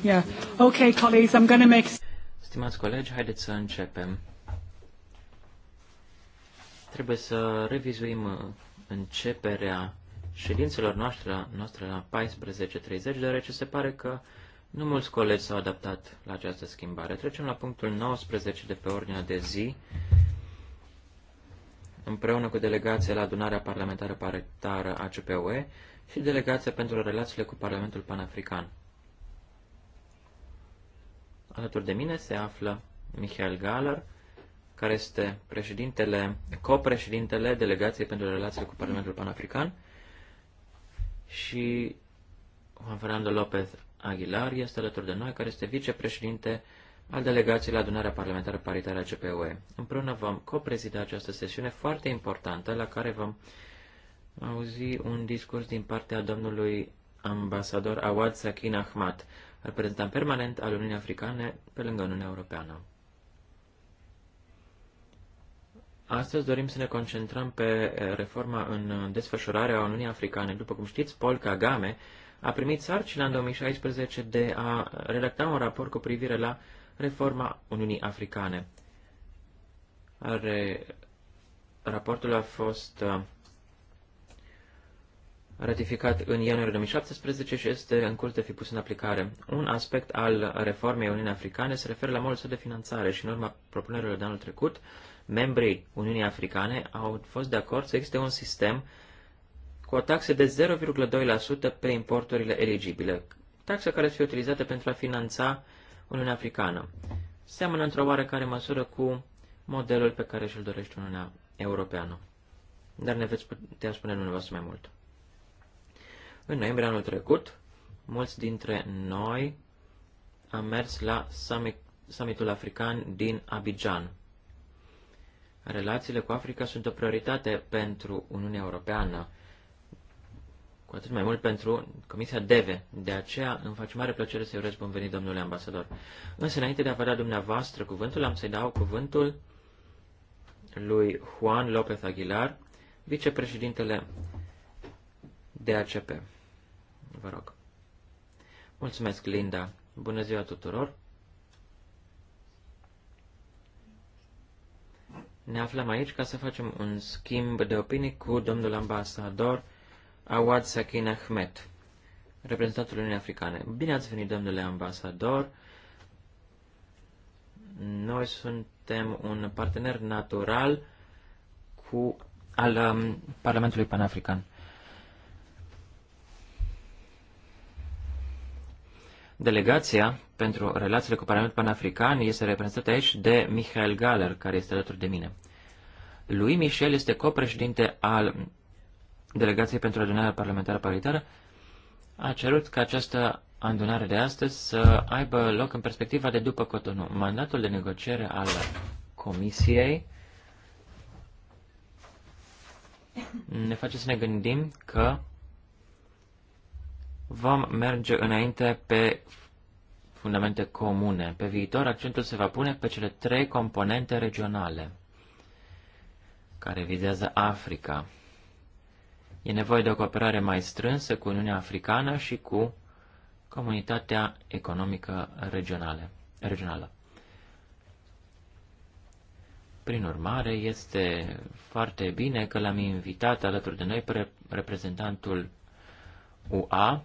Yeah. Okay, colleagues, I'm gonna make... Stimați colegi, haideți să începem. Trebuie să revizuim uh, începerea ședințelor noastre, noastre la 14.30, deoarece se pare că nu mulți colegi s-au adaptat la această schimbare. Trecem la punctul 19 de pe ordinea de zi, împreună cu delegația la adunarea parlamentară paritară ACPUE și delegația pentru relațiile cu Parlamentul Panafrican. Alături de mine se află Michael Galler, care este președintele, copreședintele Delegației pentru Relațiile cu Parlamentul Panafrican și Juan Fernando López Aguilar este alături de noi, care este vicepreședinte al delegației la adunarea parlamentară paritară a CPUE. Împreună vom coprezida această sesiune foarte importantă la care vom auzi un discurs din partea domnului ambasador Awad Sakin Ahmad, reprezentant permanent al Uniunii Africane pe lângă Uniunea Europeană. Astăzi dorim să ne concentrăm pe eh, reforma în desfășurarea Uniunii Africane. După cum știți, Paul Kagame a primit sarcina în 2016 de a redacta un raport cu privire la reforma Uniunii Africane. Are, raportul a fost eh, ratificat în ianuarie 2017 și este în curs de fi pus în aplicare. Un aspect al reformei Uniunii Africane se referă la modul său de finanțare și în urma propunerilor de anul trecut, membrii Uniunii Africane au fost de acord să existe un sistem cu o taxă de 0,2% pe importurile eligibile, taxă care să fie utilizată pentru a finanța Uniunea Africană. Seamănă într-o oarecare măsură cu modelul pe care și-l dorește Uniunea Europeană. Dar ne veți putea spune dumneavoastră mai mult. În noiembrie anul trecut, mulți dintre noi am mers la summit, summitul african din Abidjan. Relațiile cu Africa sunt o prioritate pentru Uniunea Europeană, cu atât mai mult pentru Comisia DEVE. De aceea îmi face mare plăcere să-i urez bun venit, domnule ambasador. Însă, înainte de a vă da dumneavoastră cuvântul, am să-i dau cuvântul lui Juan López Aguilar, vicepreședintele DACP. Vă rog. Mulțumesc, Linda. Bună ziua tuturor. Ne aflăm aici ca să facem un schimb de opinii cu domnul ambasador Awad Sakin Ahmed, reprezentantul Uniunii Africane. Bine ați venit, domnule ambasador. Noi suntem un partener natural cu al um, Parlamentului Panafrican. Delegația pentru relațiile cu Parlamentul Panafrican este reprezentată aici de Michael Galler, care este alături de mine. Lui Michel este copreședinte al Delegației pentru Adunarea Parlamentară Paritară. A cerut ca această adunare de astăzi să aibă loc în perspectiva de după Cotonou. Mandatul de negociere al Comisiei ne face să ne gândim că vom merge înainte pe fundamente comune. Pe viitor, accentul se va pune pe cele trei componente regionale care vizează Africa. E nevoie de o cooperare mai strânsă cu Uniunea Africană și cu Comunitatea Economică regionale, Regională. Prin urmare, este foarte bine că l-am invitat alături de noi pe reprezentantul UA,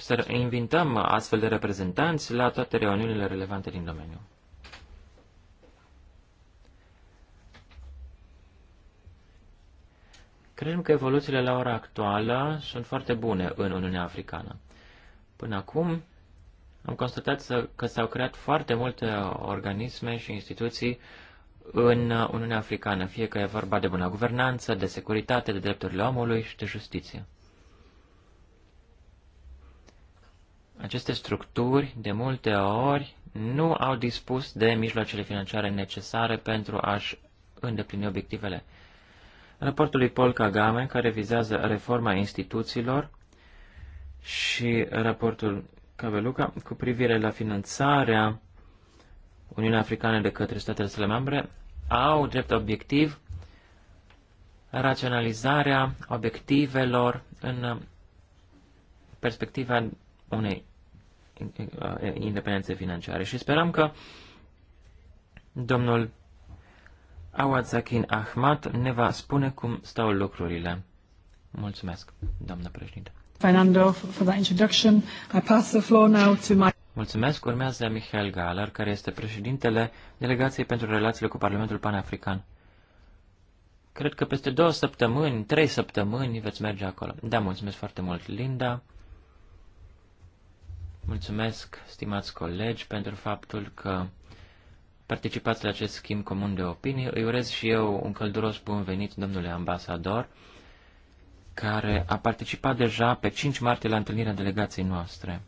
să invităm astfel de reprezentanți la toate reuniunile relevante din domeniu. Credem că evoluțiile la ora actuală sunt foarte bune în Uniunea Africană. Până acum am constatat că s-au creat foarte multe organisme și instituții în Uniunea Africană, fie că e vorba de bună guvernanță, de securitate, de drepturile omului și de justiție. Aceste structuri, de multe ori, nu au dispus de mijloacele financiare necesare pentru a-și îndeplini obiectivele. Raportul lui Paul Kagame, care vizează reforma instituțiilor, și raportul Caveluca cu privire la finanțarea Uniunii Africane de către statele sale membre, au drept obiectiv raționalizarea obiectivelor în perspectiva unei Uh, independenței financiare. Și sperăm că domnul Awad Zakin Ahmad ne va spune cum stau lucrurile. Mulțumesc, doamnă președinte. Fernando, for that introduction. I pass the floor now to my... Mulțumesc. Urmează Michael Galar, care este președintele Delegației pentru Relațiile cu Parlamentul Panafrican. Cred că peste două săptămâni, trei săptămâni veți merge acolo. Da, mulțumesc foarte mult, Linda. Mulțumesc, stimați colegi, pentru faptul că participați la acest schimb comun de opinii. Îi urez și eu un călduros bun venit, domnule ambasador, care a participat deja pe 5 martie la întâlnirea delegației noastre.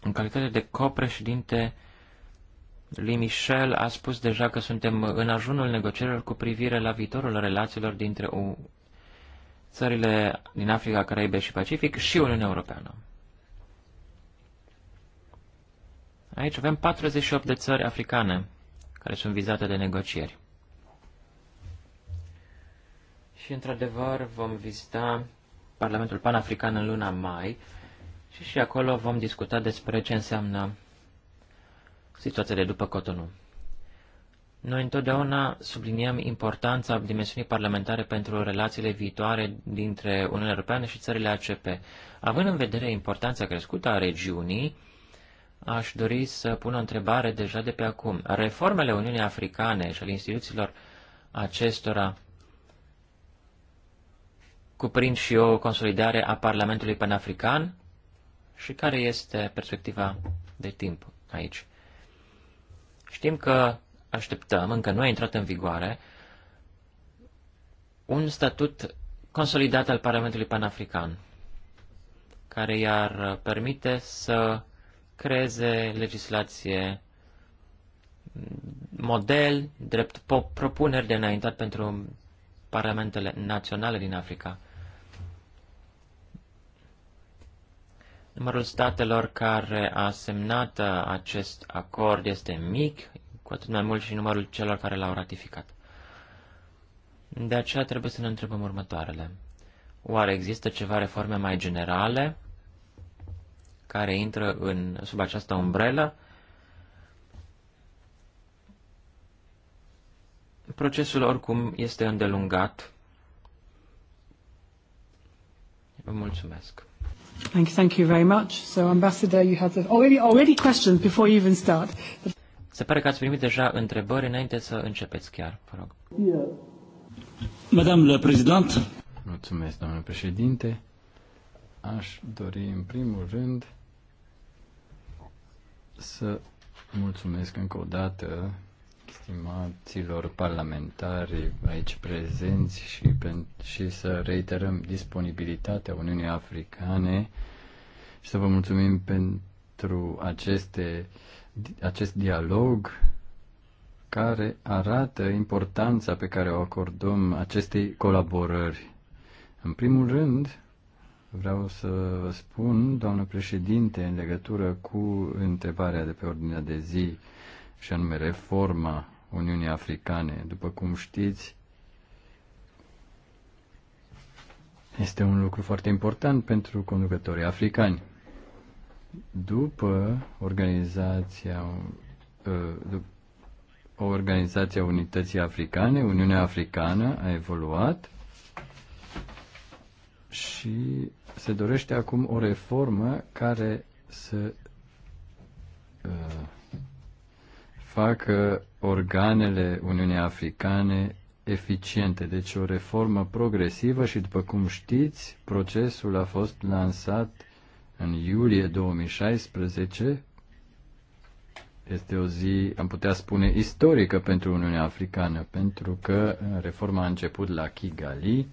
În calitate de copreședinte, lui Michel a spus deja că suntem în ajunul negocierilor cu privire la viitorul relațiilor dintre țările din Africa, Caraibe și Pacific și Uniunea Europeană. Aici avem 48 de țări africane care sunt vizate de negocieri. Și, într-adevăr, vom vizita Parlamentul Panafrican în luna mai și și acolo vom discuta despre ce înseamnă situația de după Cotonou. Noi întotdeauna subliniem importanța dimensiunii parlamentare pentru relațiile viitoare dintre Uniunea Europeană și țările ACP. Având în vedere importanța crescută a regiunii, aș dori să pun o întrebare deja de pe acum. Reformele Uniunii Africane și ale instituțiilor acestora cuprind și o consolidare a Parlamentului Panafrican și care este perspectiva de timp aici. Știm că așteptăm, încă nu a intrat în vigoare, un statut consolidat al Parlamentului Panafrican, care i-ar permite să creeze legislație model, drept propuneri de înaintat pentru parlamentele naționale din Africa. Numărul statelor care a semnat acest acord este mic, cu atât mai mult și numărul celor care l-au ratificat. De aceea trebuie să ne întrebăm următoarele. Oare există ceva reforme mai generale care intră în, sub această umbrelă. Procesul oricum este îndelungat. Vă mulțumesc. Thank you, thank you very much. So, Ambassador, you have already, already questions before you even start. Se pare că ați primit deja întrebări înainte să începeți chiar, vă rog. Madame la Présidente. Mulțumesc, domnule președinte. Aș dori, în primul rând, să mulțumesc încă o dată stimaților parlamentari aici prezenți și, și să reiterăm disponibilitatea Uniunii Africane și să vă mulțumim pentru aceste, acest dialog care arată importanța pe care o acordăm acestei colaborări. În primul rând, Vreau să vă spun, doamnă președinte, în legătură cu întrebarea de pe ordinea de zi, și anume reforma Uniunii Africane. După cum știți, este un lucru foarte important pentru conducătorii africani. După organizația, uh, o organizația Unității Africane, Uniunea Africană a evoluat și se dorește acum o reformă care să uh, facă organele Uniunii Africane eficiente, deci o reformă progresivă și după cum știți, procesul a fost lansat în iulie 2016. Este o zi, am putea spune, istorică pentru Uniunea Africană, pentru că reforma a început la Kigali,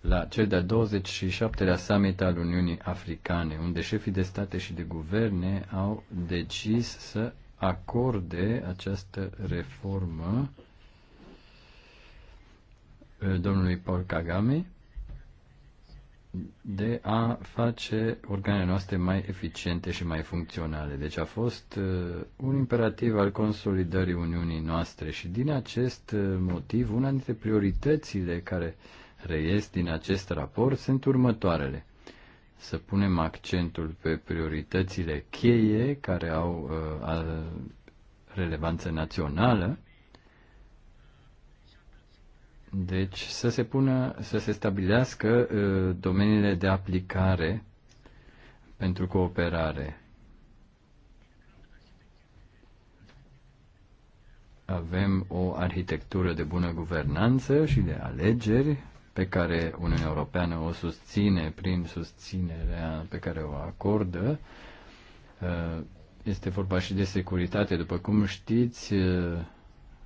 la cel de-al 27-lea summit al Uniunii Africane, unde șefii de state și de guverne au decis să acorde această reformă eh, domnului Paul Kagame de a face organele noastre mai eficiente și mai funcționale. Deci a fost eh, un imperativ al consolidării Uniunii noastre și din acest eh, motiv, una dintre prioritățile care reies din acest raport sunt următoarele. Să punem accentul pe prioritățile cheie care au uh, relevanță națională, deci să se pună, să se stabilească uh, domeniile de aplicare pentru cooperare. Avem o arhitectură de bună guvernanță și de alegeri pe care Uniunea Europeană o susține prin susținerea pe care o acordă. Uh, este vorba și de securitate. După cum știți, 80%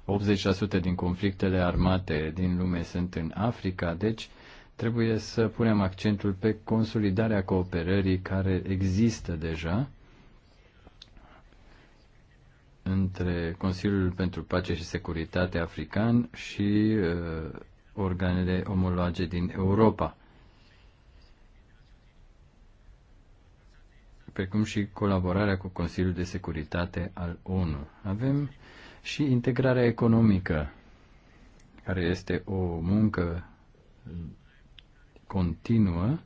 uh, din conflictele armate din lume sunt în Africa, deci trebuie să punem accentul pe consolidarea cooperării care există deja între Consiliul pentru Pace și Securitate African și uh, organele omologe din Europa, precum și colaborarea cu Consiliul de Securitate al ONU. Avem și integrarea economică, care este o muncă continuă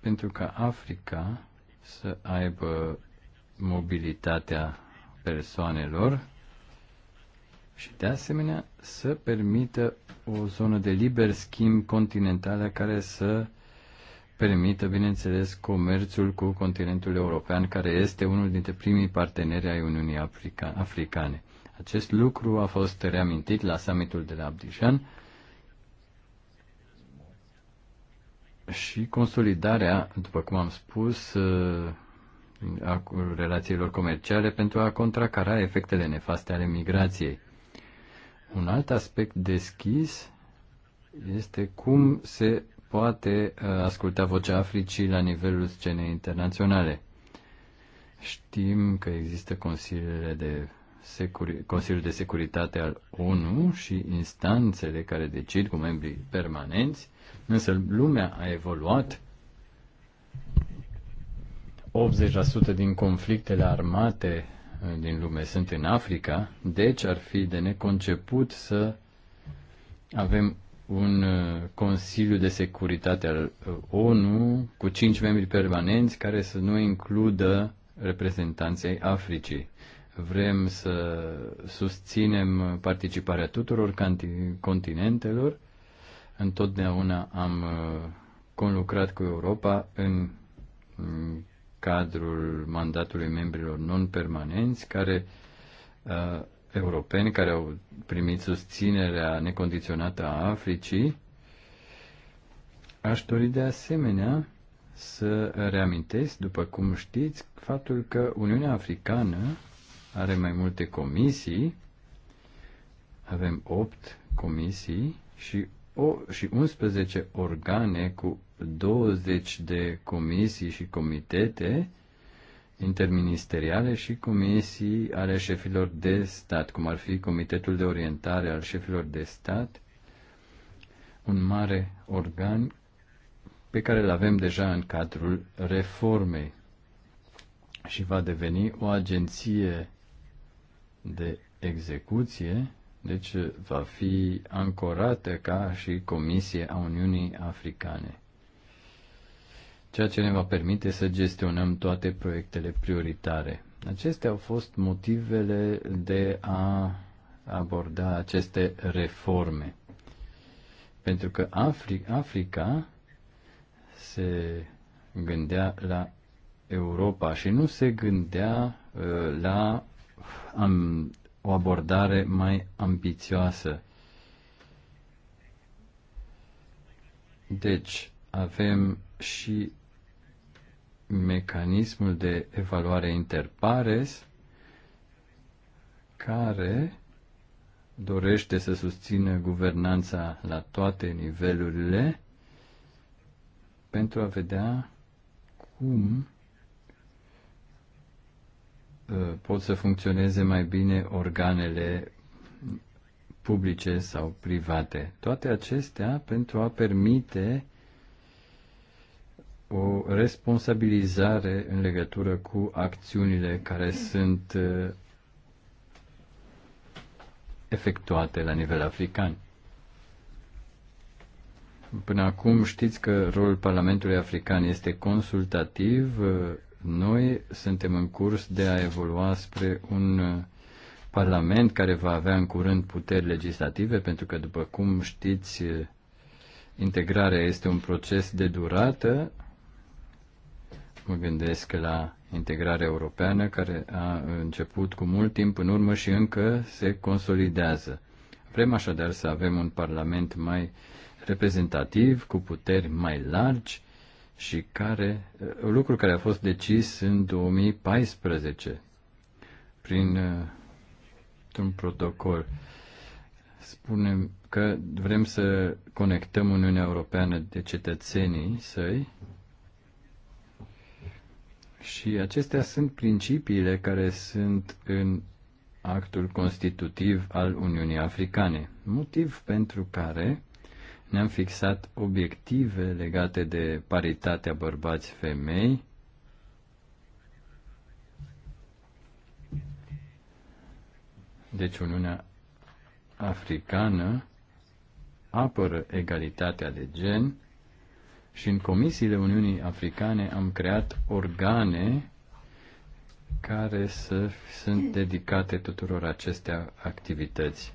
pentru ca Africa să aibă mobilitatea persoanelor și de asemenea să permită o zonă de liber schimb continentală care să permită, bineînțeles, comerțul cu continentul european, care este unul dintre primii parteneri ai Uniunii Africa- Africane. Acest lucru a fost reamintit la summitul de la Abidjan și consolidarea, după cum am spus, uh, a relațiilor comerciale pentru a contracara efectele nefaste ale migrației. Un alt aspect deschis este cum se poate uh, asculta vocea Africii la nivelul scenei internaționale. Știm că există consiliile de securi- Consiliul de Securitate al ONU și instanțele care decid cu membrii permanenți, însă lumea a evoluat. 80% din conflictele armate din lume sunt în Africa, deci ar fi de neconceput să avem un uh, Consiliu de Securitate al uh, ONU cu cinci membri permanenți care să nu includă reprezentanții Africii. Vrem să susținem participarea tuturor continentelor. Întotdeauna am uh, conlucrat cu Europa în mm, cadrul mandatului membrilor non-permanenți care uh, europeni care au primit susținerea necondiționată a Africii. Aș dori de asemenea să reamintesc, după cum știți, faptul că Uniunea Africană are mai multe comisii, avem 8 comisii și, o, și 11 organe cu 20 de comisii și comitete interministeriale și comisii ale șefilor de stat, cum ar fi Comitetul de Orientare al Șefilor de Stat, un mare organ pe care îl avem deja în cadrul reformei și va deveni o agenție de execuție, deci va fi ancorată ca și Comisie a Uniunii Africane ceea ce ne va permite să gestionăm toate proiectele prioritare. Acestea au fost motivele de a aborda aceste reforme. Pentru că Afri- Africa se gândea la Europa și nu se gândea uh, la um, o abordare mai ambițioasă. Deci, avem și mecanismul de evaluare interpares care dorește să susțină guvernanța la toate nivelurile pentru a vedea cum uh, pot să funcționeze mai bine organele publice sau private. Toate acestea pentru a permite o responsabilizare în legătură cu acțiunile care sunt uh, efectuate la nivel african. Până acum știți că rolul Parlamentului African este consultativ. Uh, noi suntem în curs de a evolua spre un uh, Parlament care va avea în curând puteri legislative, pentru că, după cum știți, integrarea este un proces de durată mă gândesc la integrarea europeană care a început cu mult timp în urmă și încă se consolidează. Vrem așadar să avem un parlament mai reprezentativ, cu puteri mai largi și care, lucru care a fost decis în 2014 prin uh, un protocol. Spunem că vrem să conectăm Uniunea Europeană de cetățenii săi și acestea sunt principiile care sunt în actul constitutiv al Uniunii Africane, motiv pentru care ne-am fixat obiective legate de paritatea bărbați-femei, deci Uniunea Africană apără egalitatea de gen și în comisiile Uniunii Africane am creat organe care să, sunt dedicate tuturor acestea activități.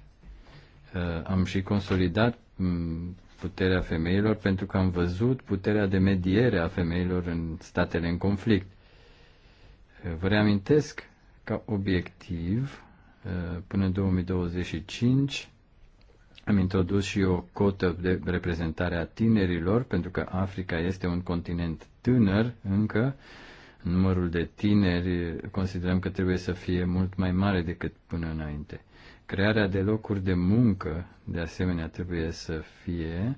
Uh, am și consolidat mm, puterea femeilor pentru că am văzut puterea de mediere a femeilor în statele în conflict. Uh, vă reamintesc ca obiectiv uh, până în 2025 am introdus și o cotă de reprezentare a tinerilor, pentru că Africa este un continent tânăr încă. Numărul de tineri considerăm că trebuie să fie mult mai mare decât până înainte. Crearea de locuri de muncă, de asemenea, trebuie să fie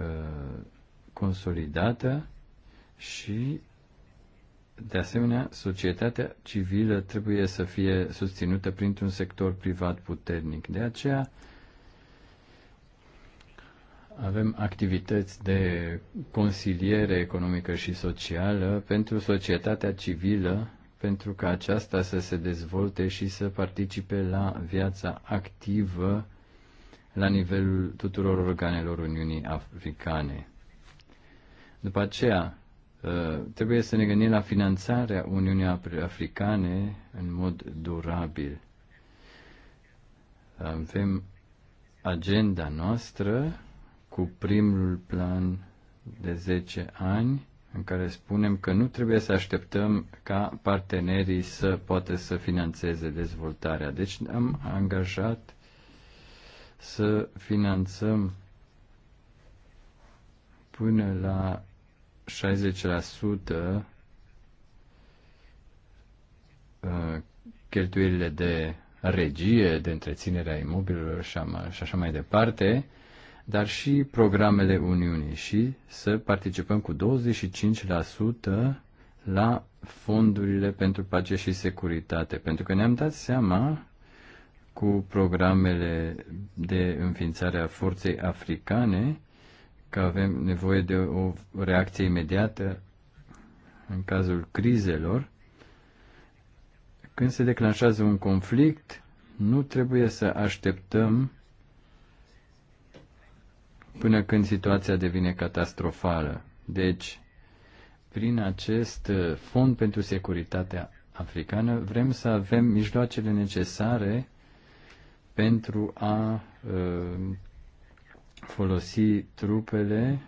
uh, consolidată și de asemenea, societatea civilă trebuie să fie susținută printr-un sector privat puternic. De aceea, avem activități de consiliere economică și socială pentru societatea civilă, pentru ca aceasta să se dezvolte și să participe la viața activă la nivelul tuturor organelor Uniunii Africane. După aceea, ă, trebuie să ne gândim la finanțarea Uniunii Africane în mod durabil. Avem agenda noastră cu primul plan de 10 ani în care spunem că nu trebuie să așteptăm ca partenerii să poată să financeze dezvoltarea. Deci am angajat să finanțăm până la 60% uh, cheltuielile de regie, de întreținere a și așa mai departe, dar și programele Uniunii și să participăm cu 25% la fondurile pentru pace și securitate, pentru că ne-am dat seama cu programele de înființare a forței africane că avem nevoie de o reacție imediată în cazul crizelor. Când se declanșează un conflict, nu trebuie să așteptăm până când situația devine catastrofală. Deci, prin acest uh, fond pentru securitatea africană, vrem să avem mijloacele necesare pentru a uh, folosi trupele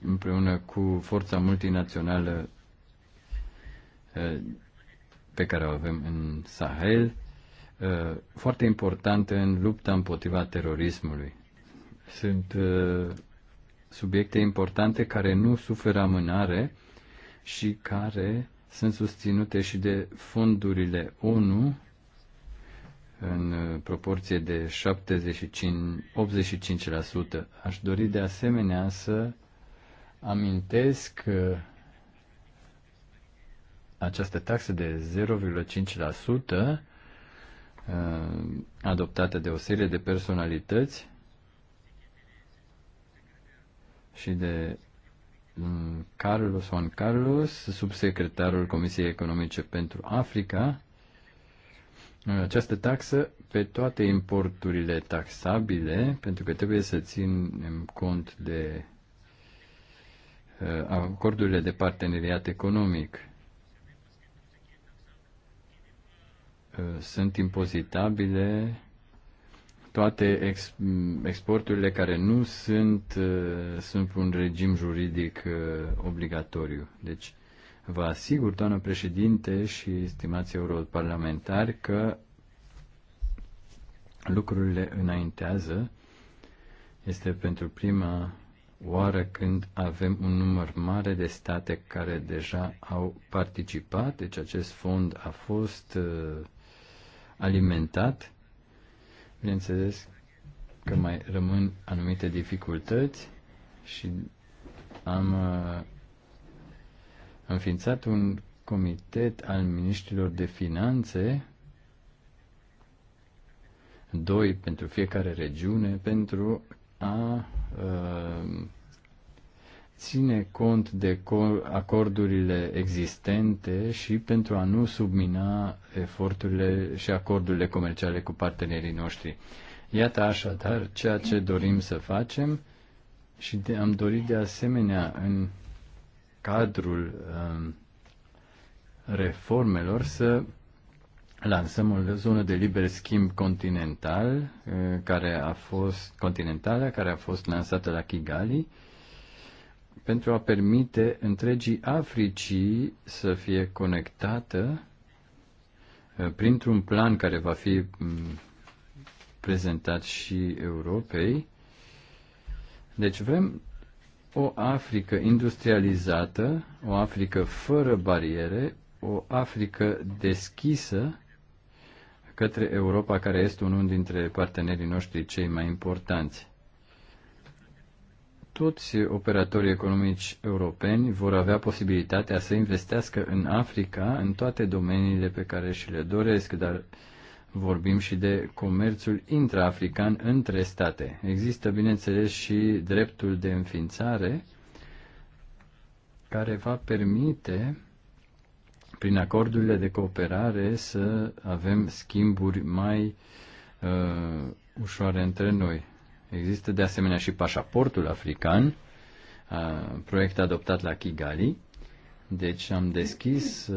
împreună cu forța multinațională uh, pe care o avem în Sahel Uh, foarte importantă în lupta împotriva terorismului. Sunt uh, subiecte importante care nu suferă amânare și care sunt susținute și de fondurile ONU în uh, proporție de 75, 85%. Aș dori de asemenea să amintesc că această taxă de 0,5% Uh, adoptată de o serie de personalități și de um, Carlos Juan Carlos, subsecretarul Comisiei Economice pentru Africa. Această taxă pe toate importurile taxabile, pentru că trebuie să ținem cont de uh, acordurile de parteneriat economic. Uh, sunt impozitabile toate ex, exporturile care nu sunt, uh, sunt un regim juridic uh, obligatoriu. Deci, vă asigur, doamnă președinte și stimați europarlamentari, că lucrurile înaintează. Este pentru prima oară când avem un număr mare de state care deja au participat, deci acest fond a fost alimentat. Bineînțeles că mai rămân anumite dificultăți și am uh, înființat un comitet al ministrilor de finanțe, doi pentru fiecare regiune, pentru a uh, ține cont de acordurile existente și pentru a nu submina eforturile și acordurile comerciale cu partenerii noștri. Iată așadar ceea ce dorim să facem și de, am dorit de asemenea în cadrul um, reformelor să lansăm o zonă de liber schimb continental uh, care a fost continentală care a fost lansată la Kigali pentru a permite întregii Africii să fie conectată uh, printr-un plan care va fi mm, prezentat și Europei. Deci vrem o Africă industrializată, o Africă fără bariere, o Africă deschisă către Europa, care este unul dintre partenerii noștri cei mai importanți toți operatorii economici europeni vor avea posibilitatea să investească în Africa în toate domeniile pe care și le doresc, dar vorbim și de comerțul intraafrican între state. Există, bineînțeles, și dreptul de înființare care va permite, prin acordurile de cooperare, să avem schimburi mai uh, ușoare între noi. Există de asemenea și pașaportul african, proiect adoptat la Kigali. Deci am deschis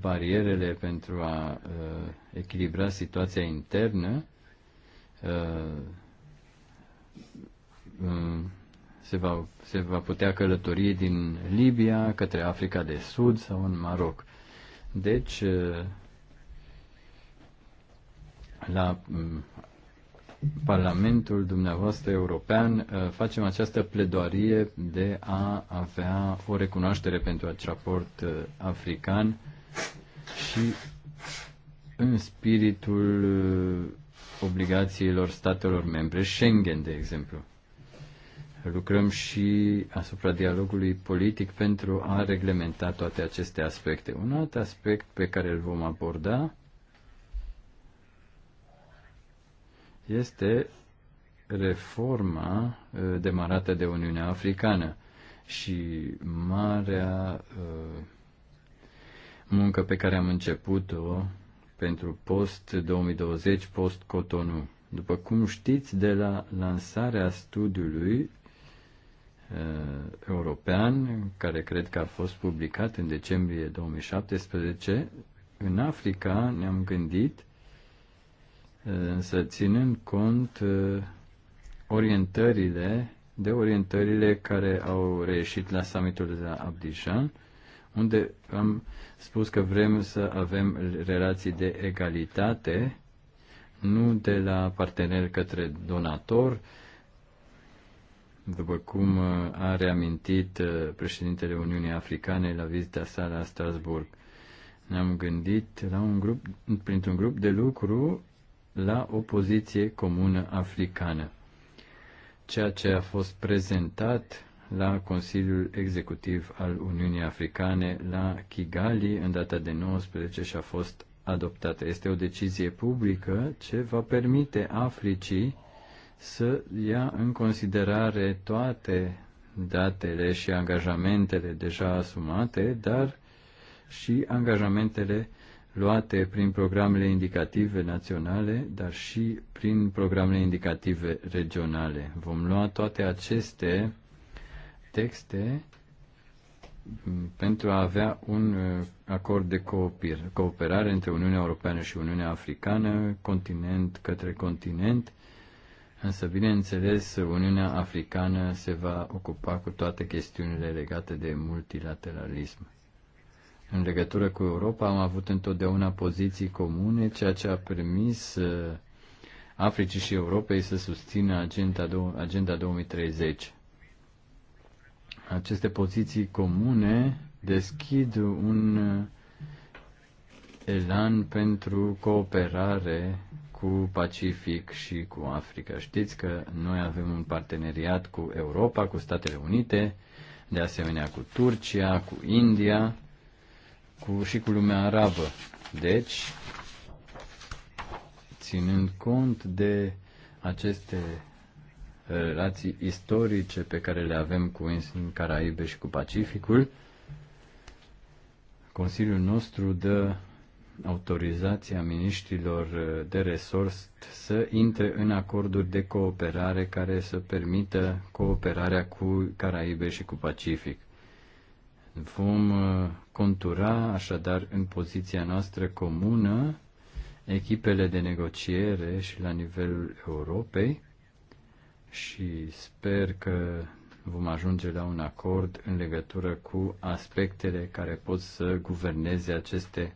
barierele pentru a echilibra situația internă. Se va, se va putea călători din Libia către Africa de Sud sau în Maroc. Deci, la Parlamentul dumneavoastră european uh, facem această pledoarie de a avea o recunoaștere pentru acest raport uh, african și în spiritul uh, obligațiilor statelor membre, Schengen, de exemplu. Lucrăm și asupra dialogului politic pentru a reglementa toate aceste aspecte. Un alt aspect pe care îl vom aborda este reforma uh, demarată de Uniunea Africană și marea uh, muncă pe care am început-o pentru post-2020, post-Cotonou. După cum știți, de la lansarea studiului uh, european, care cred că a fost publicat în decembrie 2017, în Africa ne-am gândit însă ținând cont uh, orientările, de orientările care au reieșit la summitul de la Abidjan, unde am spus că vrem să avem relații de egalitate, nu de la partener către donator, după cum uh, a reamintit uh, președintele Uniunii Africane la vizita sa la Strasburg. Ne-am gândit la un grup, printr-un grup de lucru la o poziție comună africană. Ceea ce a fost prezentat la Consiliul Executiv al Uniunii Africane la Kigali în data de 19 și a fost adoptată. Este o decizie publică ce va permite Africii să ia în considerare toate datele și angajamentele deja asumate, dar și angajamentele luate prin programele indicative naționale, dar și prin programele indicative regionale. Vom lua toate aceste texte mm, pentru a avea un uh, acord de cooperare între Uniunea Europeană și Uniunea Africană, continent către continent, însă, bineînțeles, Uniunea Africană se va ocupa cu toate chestiunile legate de multilateralism. În legătură cu Europa am avut întotdeauna poziții comune, ceea ce a permis uh, Africii și Europei să susțină Agenda, agenda 2030. Aceste poziții comune deschid un uh, elan pentru cooperare cu Pacific și cu Africa. Știți că noi avem un parteneriat cu Europa, cu Statele Unite, de asemenea cu Turcia, cu India cu, și cu lumea arabă. Deci, ținând cont de aceste uh, relații istorice pe care le avem cu în Caraibe și cu Pacificul, Consiliul nostru dă autorizația miniștrilor uh, de resurs să intre în acorduri de cooperare care să permită cooperarea cu Caraibe și cu Pacific. Vom uh, contura așadar în poziția noastră comună echipele de negociere și la nivelul Europei și sper că vom ajunge la un acord în legătură cu aspectele care pot să guverneze aceste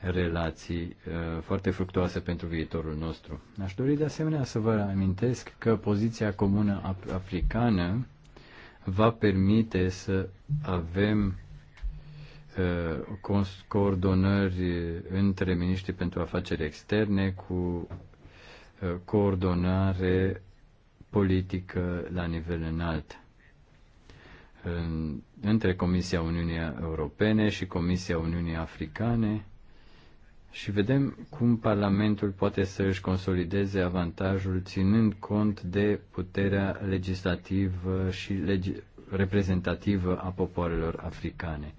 relații uh, foarte fructoase pentru viitorul nostru. Aș dori de asemenea să vă amintesc că poziția comună africană va permite să avem Uh, coordonări între miniștrii pentru afaceri externe cu uh, coordonare politică la nivel înalt între Comisia Uniunii Europene și Comisia Uniunii Africane și vedem cum Parlamentul poate să își consolideze avantajul ținând cont de puterea legislativă și legi- reprezentativă a popoarelor africane.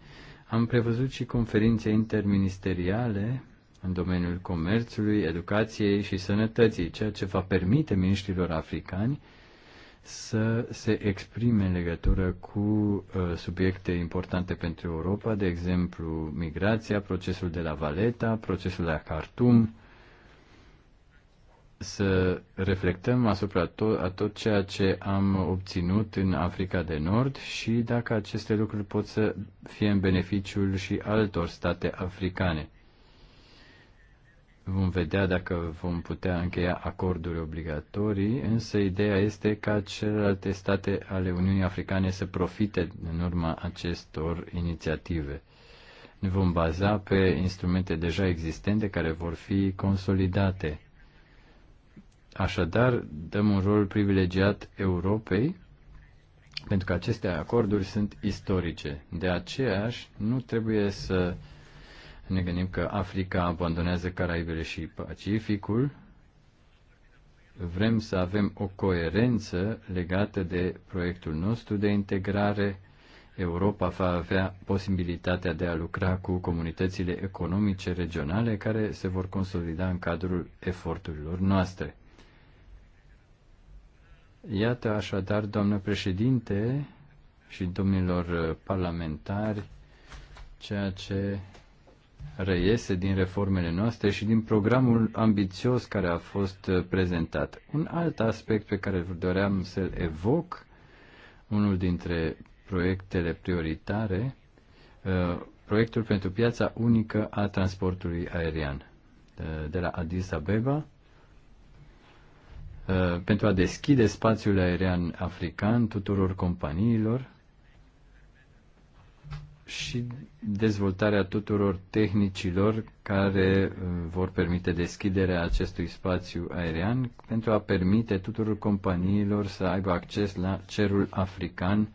Am prevăzut și conferințe interministeriale în domeniul comerțului, educației și sănătății, ceea ce va permite miniștrilor africani să se exprime în legătură cu uh, subiecte importante pentru Europa, de exemplu migrația, procesul de la Valeta, procesul de la Khartoum, să reflectăm asupra tot, a tot ceea ce am obținut în Africa de Nord și dacă aceste lucruri pot să fie în beneficiul și altor state africane. Vom vedea dacă vom putea încheia acorduri obligatorii, însă ideea este ca celelalte state ale Uniunii Africane să profite în urma acestor inițiative. Ne vom baza pe instrumente deja existente care vor fi consolidate Așadar, dăm un rol privilegiat Europei, pentru că aceste acorduri sunt istorice. De aceea, nu trebuie să ne gândim că Africa abandonează Caraibele și Pacificul. Vrem să avem o coerență legată de proiectul nostru de integrare. Europa va avea posibilitatea de a lucra cu comunitățile economice regionale care se vor consolida în cadrul eforturilor noastre. Iată așadar, doamnă președinte și domnilor uh, parlamentari, ceea ce reiese din reformele noastre și din programul ambițios care a fost uh, prezentat. Un alt aspect pe care doream să-l evoc, unul dintre proiectele prioritare, uh, proiectul pentru piața unică a transportului aerian de la Addis Abeba, Uh, pentru a deschide spațiul aerian african tuturor companiilor și dezvoltarea tuturor tehnicilor care uh, vor permite deschiderea acestui spațiu aerian pentru a permite tuturor companiilor să aibă acces la cerul african,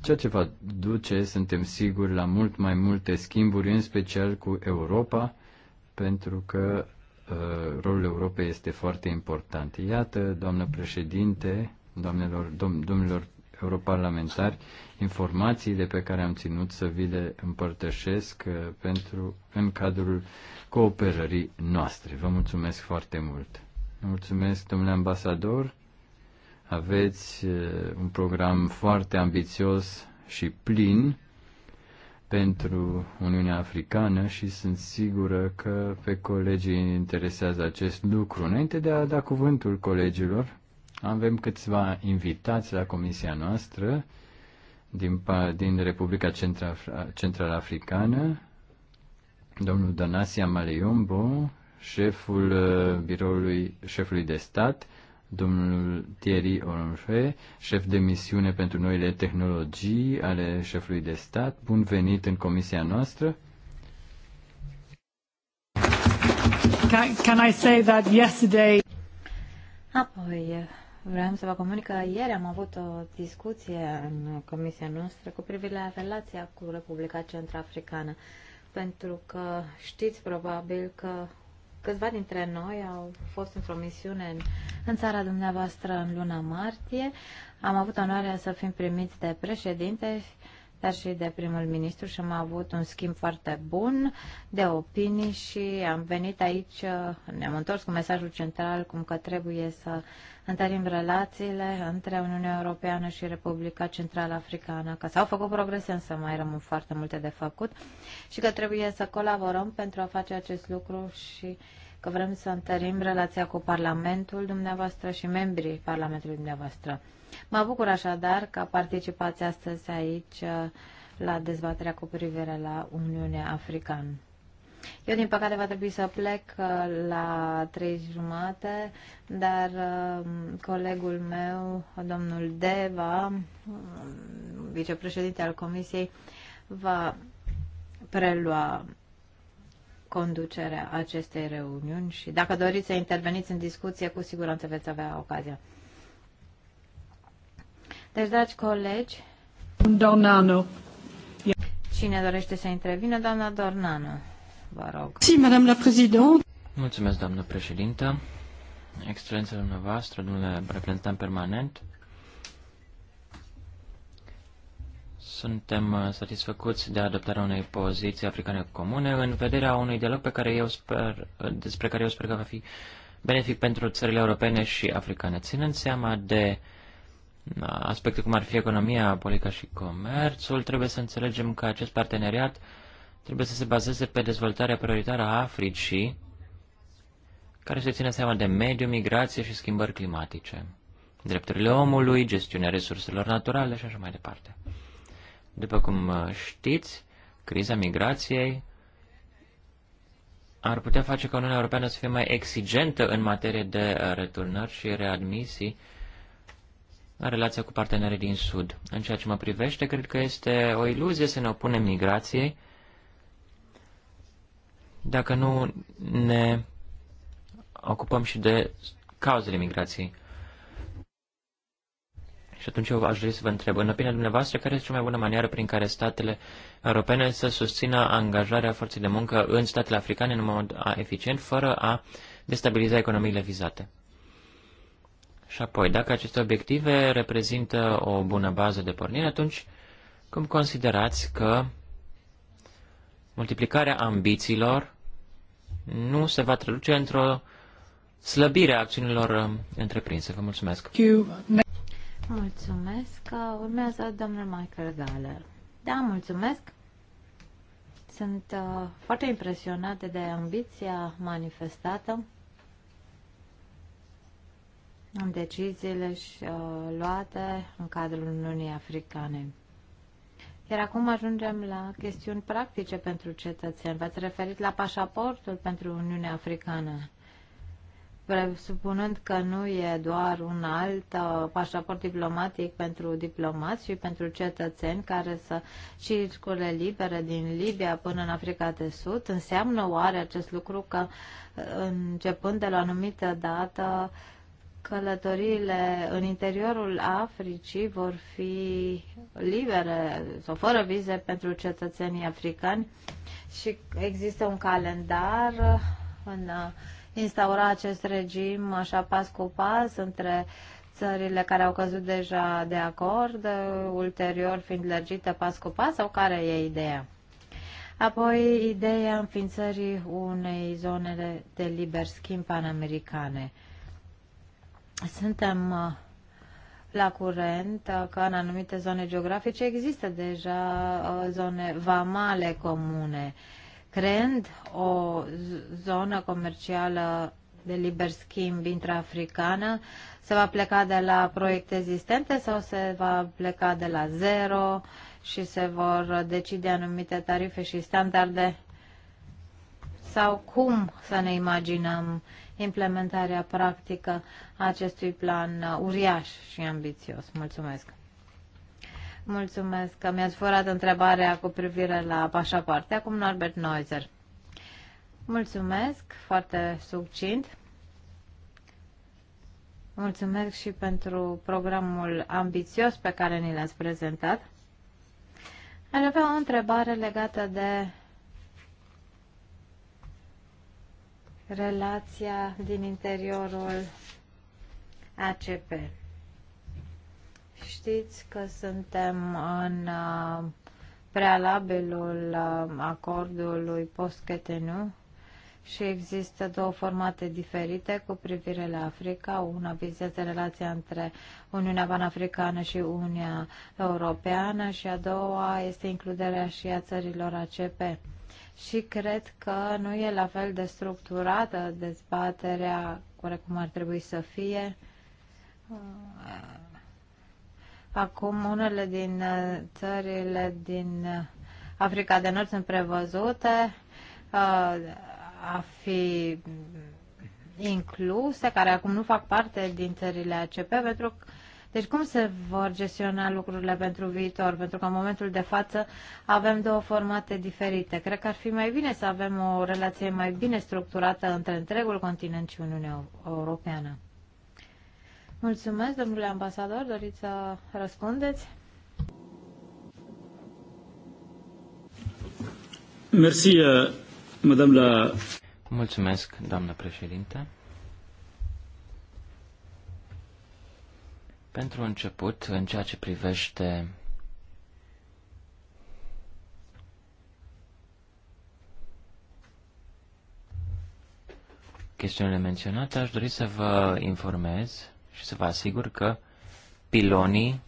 ceea ce va duce, suntem siguri, la mult mai multe schimburi, în special cu Europa, pentru că Uh, rolul Europei este foarte important. Iată, doamnă președinte, doamnelor, dom, domnilor europarlamentari, informațiile pe care am ținut să vi le împărtășesc uh, pentru, în cadrul cooperării noastre. Vă mulțumesc foarte mult. Mulțumesc, domnule ambasador. Aveți uh, un program foarte ambițios și plin pentru Uniunea Africană și sunt sigură că pe colegii interesează acest lucru. Înainte de a da cuvântul colegilor, avem câțiva invitați la comisia noastră din, din Republica Central, Africană, domnul Danasia Maleumbo, șeful uh, biroului șefului de stat, domnul Thierry Orange, șef de misiune pentru noile tehnologii ale șefului de stat. Bun venit în comisia noastră. Can, can I say that yesterday... Apoi, vreau să vă comunic că ieri am avut o discuție în comisia noastră cu privire la relația cu Republica Centrafricană, pentru că știți probabil că câțiva dintre noi au fost într-o misiune în, în țara dumneavoastră în luna martie. Am avut onoarea să fim primiți de președinte dar și de primul ministru și am avut un schimb foarte bun de opinii și am venit aici, ne-am întors cu mesajul central cum că trebuie să întărim relațiile între Uniunea Europeană și Republica Central Africană, că s-au făcut progrese, însă mai rămân foarte multe de făcut și că trebuie să colaborăm pentru a face acest lucru și uh, că vrem să întărim relația cu Parlamentul dumneavoastră și membrii Parlamentului dumneavoastră. Mă bucur așadar că participați astăzi aici uh, la dezbaterea cu privire la Uniunea Africană. Eu, din păcate, va trebui să plec uh, la trei jumate, dar uh, colegul meu, domnul Deva, um, vicepreședinte al Comisiei, va prelua conducerea acestei reuniuni și dacă doriți să interveniți în discuție, cu siguranță veți avea ocazia. Deci, dragi colegi, Dornano. Cine dorește să intervină? Doamna Dornano, vă rog. Si, madame la Mulțumesc, doamnă președintă. Excelența dumneavoastră, domnule reprezentant permanent, Suntem uh, satisfăcuți de adoptarea unei poziții africane comune în vederea unui dialog pe care eu sper, uh, despre care eu sper că va fi benefic pentru țările europene și africane. Ținând seama de uh, aspecte cum ar fi economia, politica și comerțul, trebuie să înțelegem că acest parteneriat trebuie să se bazeze pe dezvoltarea prioritară a Africii, care se ține seama de mediu, migrație și schimbări climatice, drepturile omului, gestiunea resurselor naturale și așa mai departe. După cum uh, știți, criza migrației ar putea face ca Uniunea Europeană să fie mai exigentă în materie de uh, returnări și readmisii în relația cu partenerii din Sud. În ceea ce mă privește, cred că este o iluzie să ne opunem migrației dacă nu ne ocupăm și de cauzele migrației. Și atunci eu aș dori să vă întreb, în opinia dumneavoastră, care este cea mai bună manieră prin care statele europene să susțină angajarea forței de muncă în statele africane în mod eficient, fără a destabiliza economiile vizate? Și apoi, dacă aceste obiective reprezintă o bună bază de pornire, atunci cum considerați că multiplicarea ambițiilor nu se va traduce într-o slăbire a acțiunilor um, întreprinse? Vă mulțumesc! Mulțumesc. Urmează domnul Michael Galler. Da, mulțumesc. Sunt uh, foarte impresionată de ambiția manifestată în deciziile și, uh, luate în cadrul Uniunii Africane. Iar acum ajungem la chestiuni practice pentru cetățeni. V-ați referit la pașaportul pentru Uniunea Africană presupunând că nu e doar un alt uh, pașaport diplomatic pentru diplomați și pentru cetățeni care să circule libere din Libia până în Africa de Sud, înseamnă oare acest lucru că uh, începând de la anumită dată călătoriile în interiorul Africii vor fi libere sau fără vize pentru cetățenii africani și există un calendar în uh, instaura acest regim așa pas cu pas între țările care au căzut deja de acord, ulterior fiind lărgită pas cu pas, sau care e ideea? Apoi, ideea înființării unei zone de liber schimb panamericane. Suntem uh, la curent că în anumite zone geografice există deja uh, zone vamale comune. Uh, creând o zonă comercială de liber schimb intraafricană, se va pleca de la proiecte existente sau se va pleca de la zero și se vor decide anumite tarife și standarde? Sau cum să ne imaginăm implementarea practică a acestui plan uriaș și ambițios? Mulțumesc! Mulțumesc că mi-ați furat întrebarea cu privire la pașapoarte. Acum Norbert Neuser. Mulțumesc, foarte succint. Mulțumesc și pentru programul ambițios pe care ni l-ați prezentat. Ar avea o întrebare legată de relația din interiorul ACP. Știți că suntem în uh, prealabilul uh, acordului post nu și există două formate diferite cu privire la Africa. Una vizează relația între Uniunea Panafricană și Uniunea Europeană și a doua este includerea și a țărilor ACP. Și cred că nu e la fel de structurată dezbaterea, cum ar trebui să fie uh, Acum unele din uh, țările din uh, Africa de Nord sunt prevăzute uh, a fi incluse, care acum nu fac parte din țările ACP, pentru că deci cum se vor gestiona lucrurile pentru viitor? Pentru că în momentul de față avem două formate diferite. Cred că ar fi mai bine să avem o relație mai bine structurată între întregul continent și Uniunea Europeană. Mulțumesc, domnule ambasador. Doriți să răspundeți? Mersi, uh, madame la... Mulțumesc, doamnă președinte. Pentru început, în ceea ce privește chestiunile menționate, aș dori să vă informez și să vă asigur că pilonii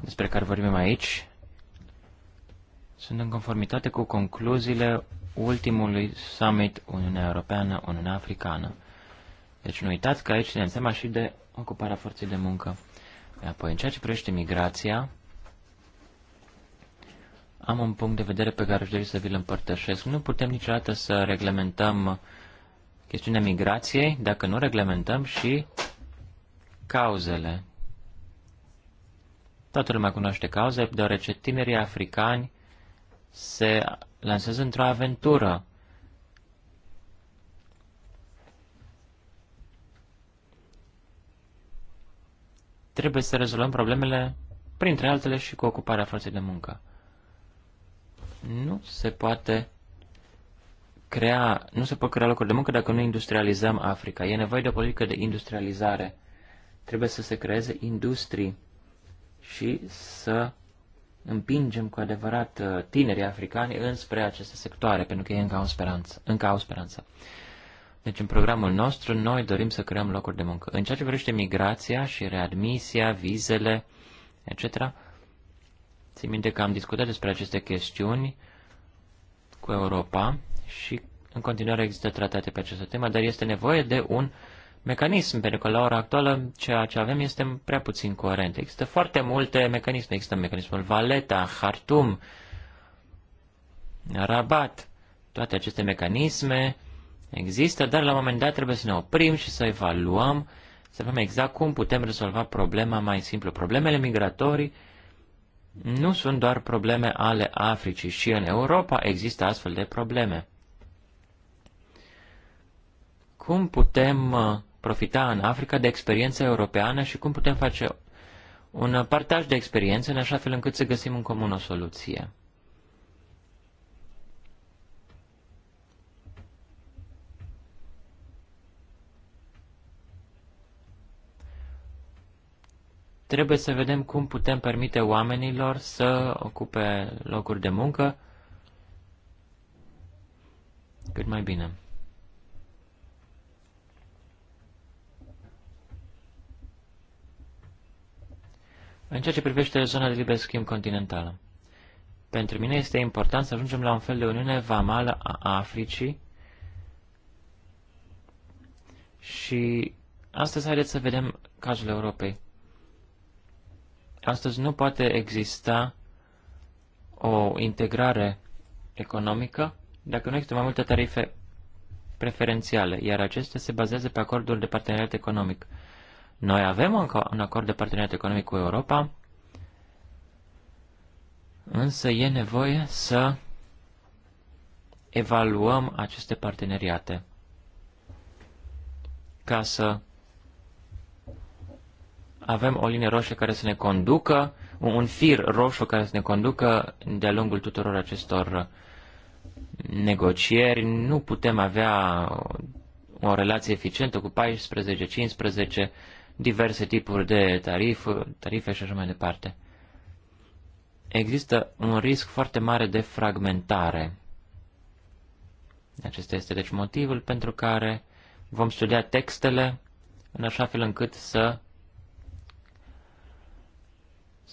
despre care vorbim aici sunt în conformitate cu concluziile ultimului summit Uniunea Europeană-Uniunea Africană. Deci nu uitați că aici ne înseamnă și de ocuparea forței de muncă. Apoi, în ceea ce privește migrația, am un punct de vedere pe care aș dori să vi-l împărtășesc. Nu putem niciodată să reglementăm uh, chestiunea migrației dacă nu reglementăm și cauzele. Toată lumea cunoaște cauze, deoarece tinerii africani se lansează într-o aventură. Trebuie să rezolvăm problemele, printre altele, și cu ocuparea forței de muncă. Nu se poate crea, nu se pot crea locuri de muncă dacă nu industrializăm Africa. E nevoie de o politică de industrializare. Trebuie să se creeze industrii și să împingem cu adevărat uh, tinerii africani înspre aceste sectoare, pentru că ei încă au speranță. Încă au speranță. Deci în programul nostru noi dorim să creăm locuri de muncă. În ceea ce privește migrația și readmisia, vizele, etc., țin minte că am discutat despre aceste chestiuni cu Europa și în continuare există tratate pe această temă, dar este nevoie de un mecanism, pentru că la ora actuală ceea ce avem este prea puțin coerent. Există foarte multe mecanisme. Există mecanismul Valeta, Hartum, Rabat. Toate aceste mecanisme există, dar la un moment dat trebuie să ne oprim și să evaluăm, să vedem exact cum putem rezolva problema mai simplu. Problemele migratorii nu sunt doar probleme ale Africii și în Europa există astfel de probleme cum putem uh, profita în Africa de experiența europeană și cum putem face un partaj de experiențe în așa fel încât să găsim în comun o soluție. Trebuie să vedem cum putem permite oamenilor să ocupe locuri de muncă cât mai bine. În ceea ce privește zona de liber schimb continentală, pentru mine este important să ajungem la un fel de uniune vamală a Africii și astăzi haideți să vedem cazul Europei. Astăzi nu poate exista o integrare economică dacă nu există mai multe tarife preferențiale, iar acestea se bazează pe acordul de parteneriat economic. Noi avem încă un acord de parteneriat economic cu Europa, însă e nevoie să evaluăm aceste parteneriate ca să avem o linie roșie care să ne conducă, un fir roșu care să ne conducă de-a lungul tuturor acestor negocieri. Nu putem avea o relație eficientă cu 14, 15 diverse tipuri de tarif, tarife și așa mai departe. Există un risc foarte mare de fragmentare. Acesta este deci motivul pentru care vom studia textele în așa fel încât să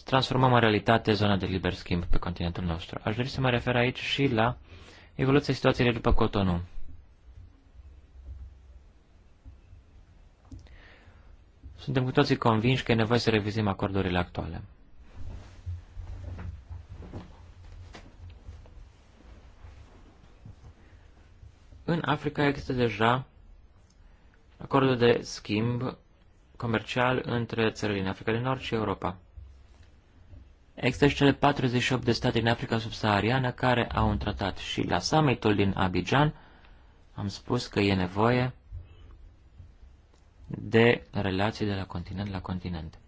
transformăm în realitate zona de liber schimb pe continentul nostru. Aș dori să mă refer aici și la evoluția situației după Cotonou. Suntem cu toții convinși că e nevoie să revizim acordurile actuale. În Africa există deja acordul de schimb comercial între țările din Africa de Nord și Europa. Există și cele 48 de state din Africa subsahariană care au un tratat și la summitul din Abidjan am spus că e nevoie de relații de la continent la continent.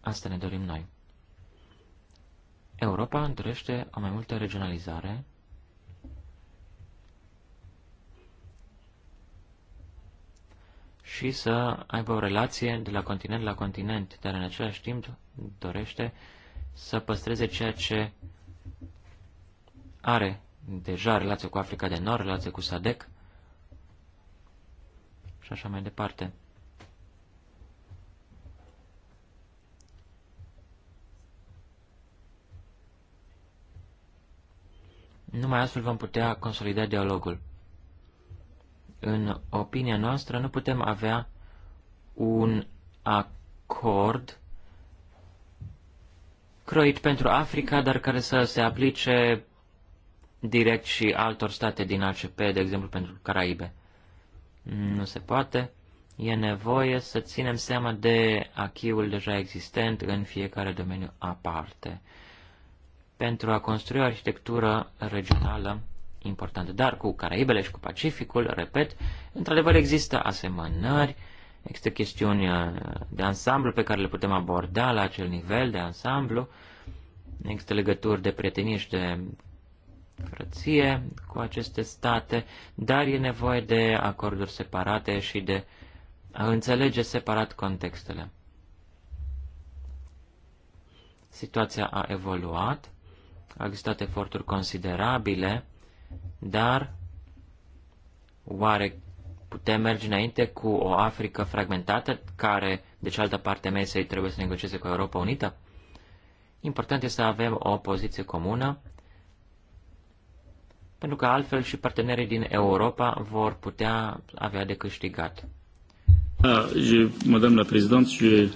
Asta ne dorim noi. Europa dorește o mai multă regionalizare și să aibă o relație de la continent la continent, dar în același timp dorește să păstreze ceea ce are deja relație cu Africa de Nord, relație cu SADEC, și așa mai departe. Numai astfel vom putea consolida dialogul. În opinia noastră, nu putem avea un acord croit pentru Africa, dar care să se aplice direct și altor state din ACP, de exemplu pentru Caraibe. Nu se poate. E nevoie să ținem seama de achiul deja existent în fiecare domeniu aparte pentru a construi o arhitectură regională importantă. Dar cu Caraibele și cu Pacificul, repet, într-adevăr există asemănări, există chestiuni uh, de ansamblu pe care le putem aborda la acel nivel de ansamblu, există legături de prietenie și de frăție cu aceste state, dar e nevoie de acorduri separate și de a înțelege separat contextele. Situația a evoluat, au existat eforturi considerabile, dar oare putem merge înainte cu o Africă fragmentată care, de cealaltă parte, mesei trebuie să negocieze cu Europa Unită? Important este să avem o poziție comună pentru că altfel și partenerii din Europa vor putea avea de câștigat. Da, madame la Présidente, je...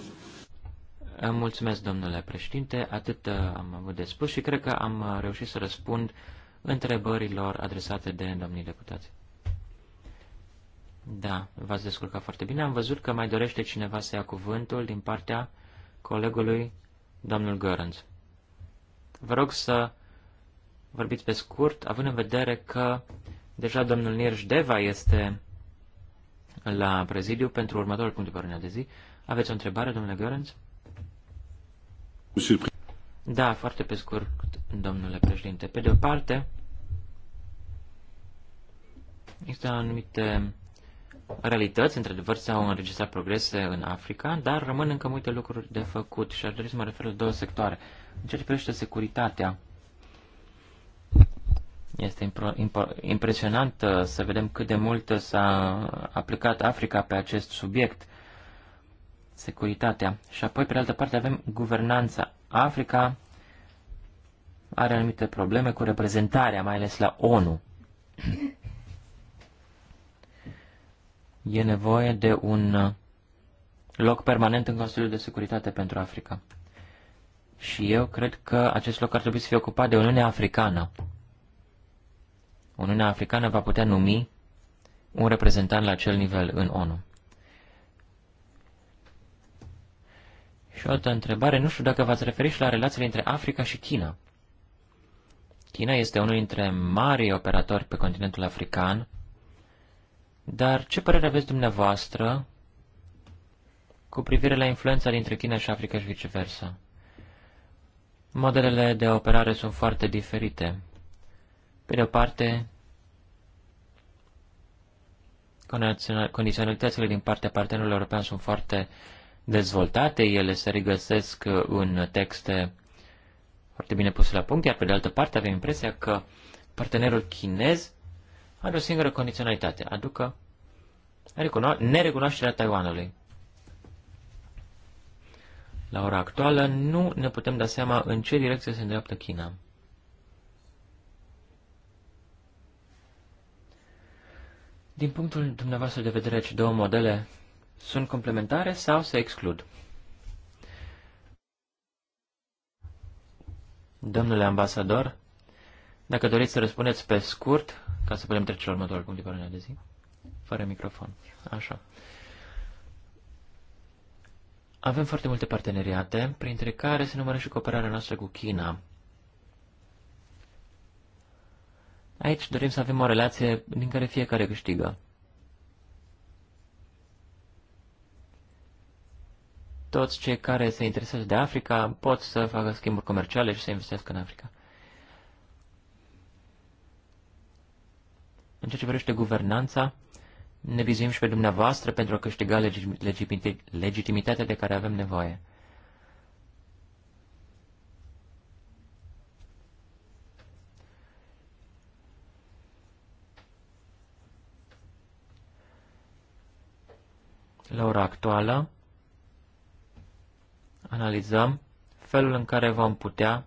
Mulțumesc, domnule președinte. Atât uh, am avut de spus și cred că am uh, reușit să răspund întrebărilor adresate de domnii deputați. Da, v-ați descurcat foarte bine. Am văzut că mai dorește cineva să ia cuvântul din partea colegului domnul Görans. Vă rog să vorbiți pe scurt, având în vedere că deja domnul Deva este la prezidiu pentru următorul punct de ordine de zi. Aveți o întrebare, domnule Gărenț? Da, foarte pe scurt, domnule președinte. Pe de o parte, există anumite realități, într-adevăr s-au înregistrat progrese în Africa, dar rămân încă multe lucruri de făcut și aș dori să mă refer la două sectoare. În ceea ce privește securitatea, este impresionant uh, să vedem cât de mult s-a aplicat Africa pe acest subiect, securitatea. Și apoi, pe de altă parte, avem guvernanța. Africa are anumite probleme cu reprezentarea, mai ales la ONU. E nevoie de un uh, loc permanent în Consiliul de Securitate pentru Africa. Și eu cred că acest loc ar trebui să fie ocupat de Uniunea Africană. Uniunea Africană va putea numi un reprezentant la acel nivel în ONU. Și o altă întrebare, nu știu dacă v-ați referit și la relațiile între Africa și China. China este unul dintre marii operatori pe continentul african, dar ce părere aveți dumneavoastră cu privire la influența dintre China și Africa și viceversa? Modelele de operare sunt foarte diferite. Pe de o parte, Condiționalitățile din partea partenerilor europeni sunt foarte dezvoltate, ele se regăsesc în texte foarte bine puse la punct, iar pe de altă parte avem impresia că partenerul chinez are o singură condiționalitate, aducă nerecunoașterea Taiwanului. La ora actuală nu ne putem da seama în ce direcție se îndreaptă China. Din punctul dumneavoastră de vedere, ce două modele sunt complementare sau se exclud? Domnule ambasador, dacă doriți să răspundeți pe scurt, ca să putem trece la următorul punct de ordine de zi, fără microfon. Așa. Avem foarte multe parteneriate, printre care se numără și cooperarea noastră cu China, Aici dorim să avem o relație din care fiecare câștigă. Toți cei care se interesează de Africa pot să facă schimburi comerciale și să investească în Africa. În ceea ce privește guvernanța, ne vizuim și pe dumneavoastră pentru a câștiga legitimitatea de care avem nevoie. La ora actuală analizăm felul în care vom putea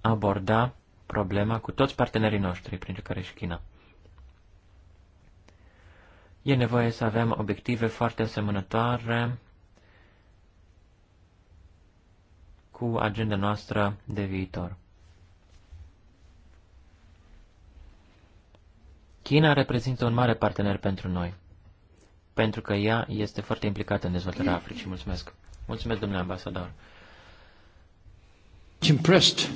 aborda problema cu toți partenerii noștri, printre care și China. E nevoie să avem obiective foarte asemănătoare cu agenda noastră de viitor. China reprezintă un mare partener pentru noi pentru că ea este foarte implicată în dezvoltarea Africii. Mulțumesc. Mulțumesc, domnule ambasador. Impressed.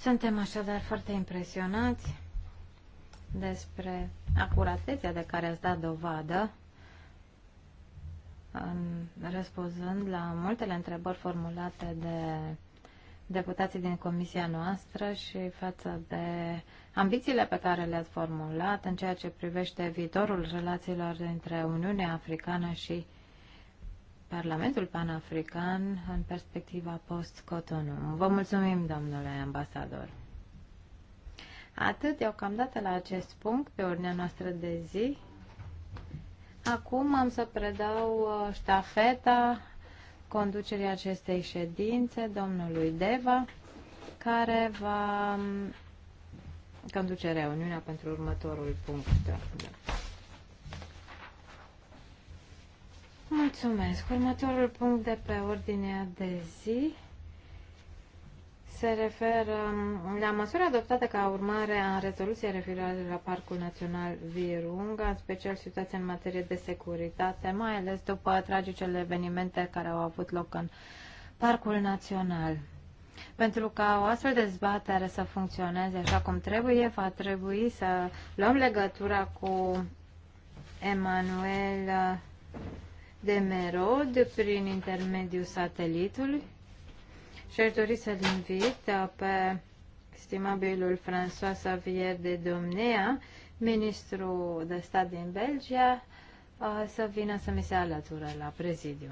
Suntem așadar foarte impresionați despre acuratețea de care ați dat dovadă în răspunzând la multele întrebări formulate de deputații din comisia noastră și față de ambițiile pe care le-ați formulat în ceea ce privește viitorul relațiilor dintre Uniunea Africană și Parlamentul Panafrican în perspectiva post-Cotonou. Vă mulțumim, domnule ambasador. Atât deocamdată la acest punct, pe ordinea noastră de zi. Acum am să predau uh, ștafeta conducerii acestei ședințe, domnului Deva, care va um, conduce reuniunea pentru următorul punct. Mulțumesc. Următorul punct de pe ordinea de zi se referă la măsuri adoptate ca urmare a rezoluției referitoare la Parcul Național Virunga, în special situația în materie de securitate, mai ales după tragicele evenimente care au avut loc în Parcul Național. Pentru ca o astfel de dezbatere să funcționeze așa cum trebuie, va trebui să luăm legătura cu Emanuel Demerod prin intermediul satelitului și aș dori să-l invit pe stimabilul François Xavier de Domnea, ministru de stat din Belgia, să vină să mi se alătură la prezidiu.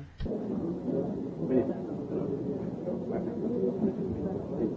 Bine.